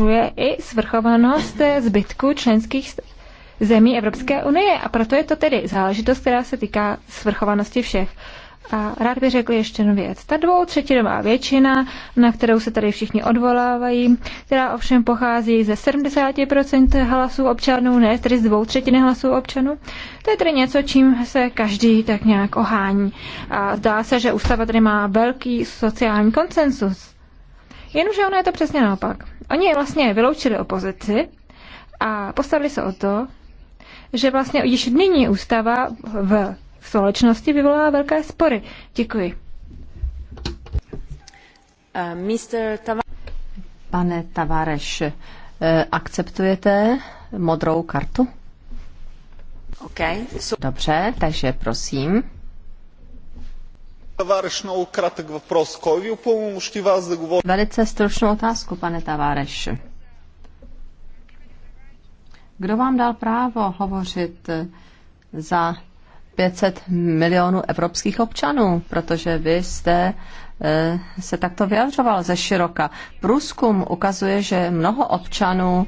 porušuje i svrchovanost zbytku členských zemí Evropské unie. A proto je to tedy záležitost, která se týká svrchovanosti všech. A rád bych řekl ještě jednu věc. Ta dvou třetinová většina, na kterou se tady všichni odvolávají, která ovšem pochází ze 70% hlasů občanů, ne tedy z dvou třetiny hlasů občanů, to je tedy něco, čím se každý tak nějak ohání. A zdá se, že ústava tady má velký sociální konsensus. Jenomže ono je to přesně naopak. Oni vlastně vyloučili opozici a postavili se o to, že vlastně již nyní ústava v společnosti vyvolává velké spory. Děkuji. Eh, Pane Tavareš, eh, akceptujete modrou kartu? So- Dobře, takže prosím. Velice stručnou otázku, pane Taváreš. Kdo vám dal právo hovořit za 500 milionů evropských občanů, protože vy jste eh, se takto vyjadřoval ze široka. Průzkum ukazuje, že mnoho občanů